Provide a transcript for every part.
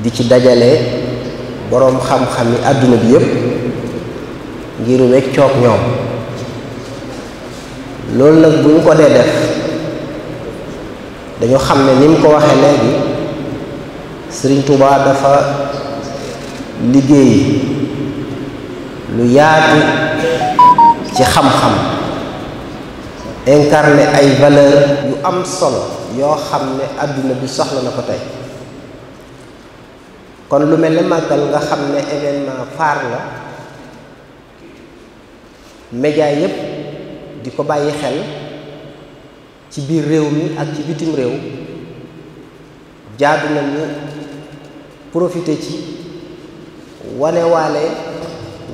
di ci dajale boroom xam-xam yi àdduna bi yépp ngir weccoog ñoom loolu nag bu ñu ko dee def dañu xam ne ni mu ko waxee léegi Sëriñ Tuubaa dafa liggéey lu yaatu ci xam-xam incarné ay valeur yu am sol yoo xam ne àdduna bi soxla na ko tey kon lu mel ne màggal nga xam ne événement phare la média yépp di ko bàyyi xel ci biir réew mi ak ci bitim réew jaadu nañu profité ci wanewaale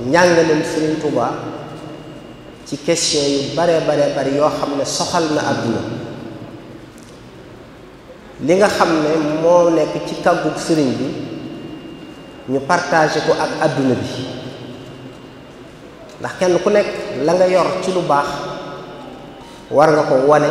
njàngaleem Serigne Touba ci question yu bare bare bare yoo xam ne soxal na àdduna li nga xam ne moo nekk ci kàggug sëriñ bi ñu partagé ko ak àdduna bi ndax kenn ku nekk la nga yor ci lu baax war nga ko wane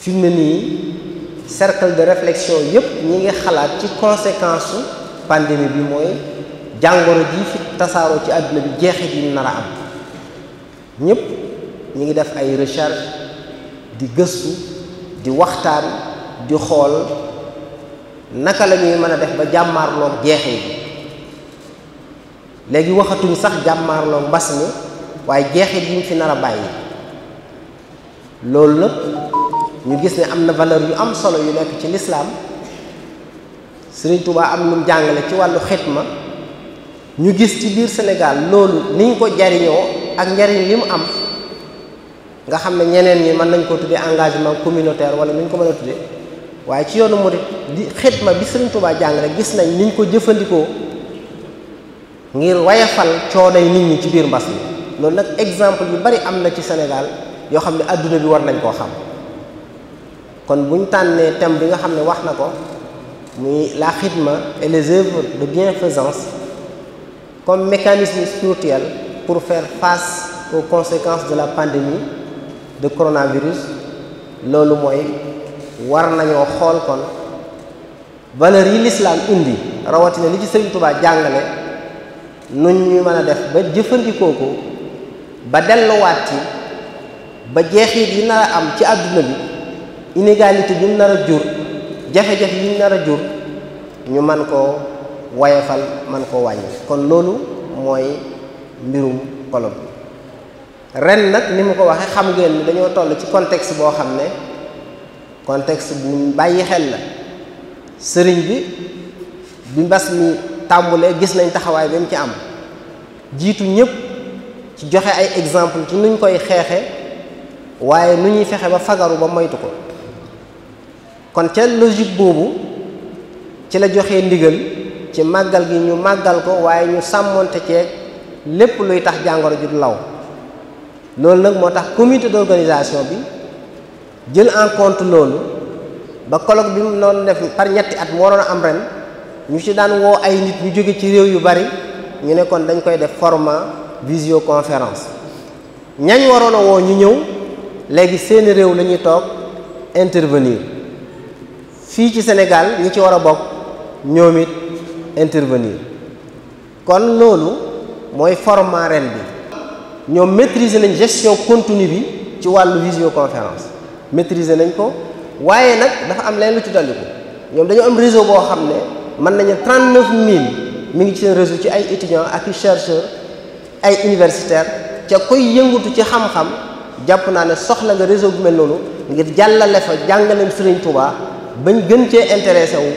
fi ne nii cercle de réflexion yépp ñu ngi xalaat ci conséquence pandémie bi mooy jàngoro ji fi tasaaroo ci àdduna bi jeexit yi nar a am ñépp ñi ngi def ay recherche di gëstu di waxtaan di xool naka la ñuy mën a def ba jàmmaarloog jeexee bi léegi waxatuñ sax jàmmaarloog mbas mi waaye jeexit yi mu fi nar a bàyyi loolu nag ñu gis ne am na valeur yu am solo yu nekk ci lislaam Sëriñ Tuubaa am lu mu jàngale ci wàllu xitma ñu gis ci biir Sénégal loolu niñ ko jariñoo ak njariñ li mu am nga xam ne ñeneen ñi mën nañ ko tuddee engagement communautaire wala nuñ ko mën a tuddee waaye ci yoonu murid di xitma bi Sëriñ Tuubaa jàngale gis nañ niñ ko jëfandikoo ngir wayafal yi nit ñi ci biir mbas mi loolu nag exemple yu bari am na ci Sénégal yoo xam ne adduna bi war nañ koo xam kon buñ ñu tànnee thème bi nga xam ne wax na ko muy la xidma et les œuvres de bienfaisance comme mécanisme spirituel pour faire face aux conséquences de la pandémie de coronavirus loolu mooy war nañoo xool kon valeur yi lislaam indi rawatina li ci Sëriñ Tuubaa jàngale nun ñu mën a def ba jëfandikoo ko ba delluwaat ci ba jeexit yi nar am ci àdduna bi inégalité bi mu nar a jur jafe-jafe yi mu nar a jur ñu man koo wayefal man koo wàññi kon loolu mooy mbirum kolo bi ren nag ni mu ko waxee xam ngeen ni dañoo toll ci contexte boo xam ne contexte bu bàyyi xel la sëriñ bi bi mbas mi tàmbulee gis nañ taxawaay bi mu ci am jiitu ñëpp ci joxe ay exemple ci nuñ koy xeexe waaye nu ñuy fexe ba fagaru ba moytu ko kon ca logique boobu ci la joxe ndigal ci màggal gi ñu màggal ko waaye ñu sàmmonte ceeg lépp luy tax jàngoro ju law loolu nag moo tax comité d'organisation bi jël en compte loolu ba kolog bi mu doon def par ñetti at mu waroon am ren ñu ci daan woo ay nit ñu jóge ci réew yu bari ñu nekkoon dañ koy def format visioconférence ñañ waroon woo ñu ñëw léegi seeni réew la ñuy toog intervenir fii ci Sénégal ñi ci war a bokk ñoom it intervenir kon loolu mooy format ren bi ñoom maîtriser nañ gestion continue bi ci wàllu visioconférence maîtriser nañ ko waaye nag dafa am leen lu ci dolliku ñoom dañoo am réseau boo xam ne mën nañu 39000 mi ngi ci seen réseau ci ay étudiants ak i chercheurs ay universitaires ca koy yëngatu ci xam-xam jàpp naa ne soxla nga réseau bu mel noonu ngir jàllale fa jàngaleen Serigne Touba. bañ gën cee intéressé wu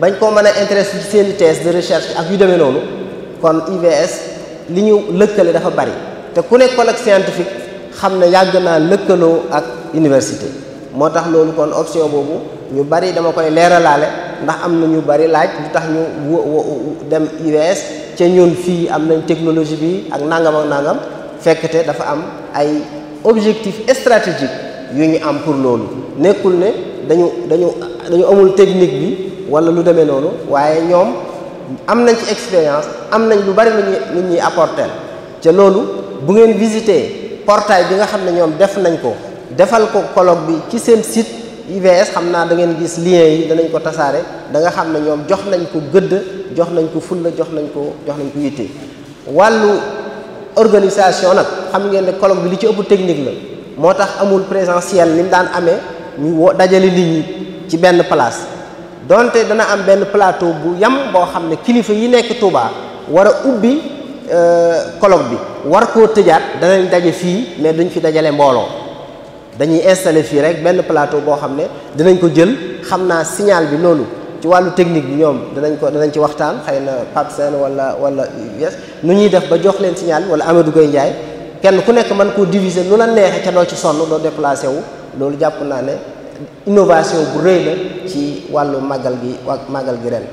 bañ koo mën a intéressé ci seen i thèse de recherche ak yu demee noonu kon IVS li ñu lëkkale dafa bari te ku nekkoon ak scientifique xam ne yàgg naa lëkkaloo ak université moo tax loolu kon option boobu ñu bari dama koy leeralaale ndax am na ñu bari laaj lu tax ñu dem IVS ca ñun fii am nañ technologie bi ak nangam ak nangam fekkte dafa am ay objectif stratégique yu ñu am pour loolu nekkul ne dañu dañu dañu amul technique bi wala lu demee noonu waaye ñoom am nañ ci expérience am nañ lu bari lu ñuy lu ñuy apporter ca loolu bu ngeen visité portail bi nga xam ne ñoom def nañ ko defal ko colloque bi ci seen site IVS xam naa da ngeen gis lien yi danañ ko tasaare da nga xam ne ñoom jox nañ ko gëdd jox nañ ko fulla jox nañ ko jox nañ ko yitte wàllu organisation nag xam ngeen ne colloque bi li ci ëpp technique la moo tax amul présentiel ni mu daan amee ñu woo dajale nit ci benn place donte dana am benn palaato bu yam boo xam ne kilifa yi nekk Touba war a ubbi koloog euh, bi war koo tëjaat danañ daje fii mais dañ fi dajale mbooloo dañuy installé fii rek benn plateau boo xam ne dinañ ko jël xam naa signal bi loolu ci wàllu technique bi ñoom danañ ko danañ ci waxtaan xëy na Pape Sène wala wala yes nu ñuy def ba jox leen signal bi wala Amadou Gueye Ndiaye kenn ku nekk mën koo diviser nu la neexee ca doo ci sonn doo déplacé wu loolu naa ne innovation bu rëy la ci wàllu màggal gi wa màggal gi ren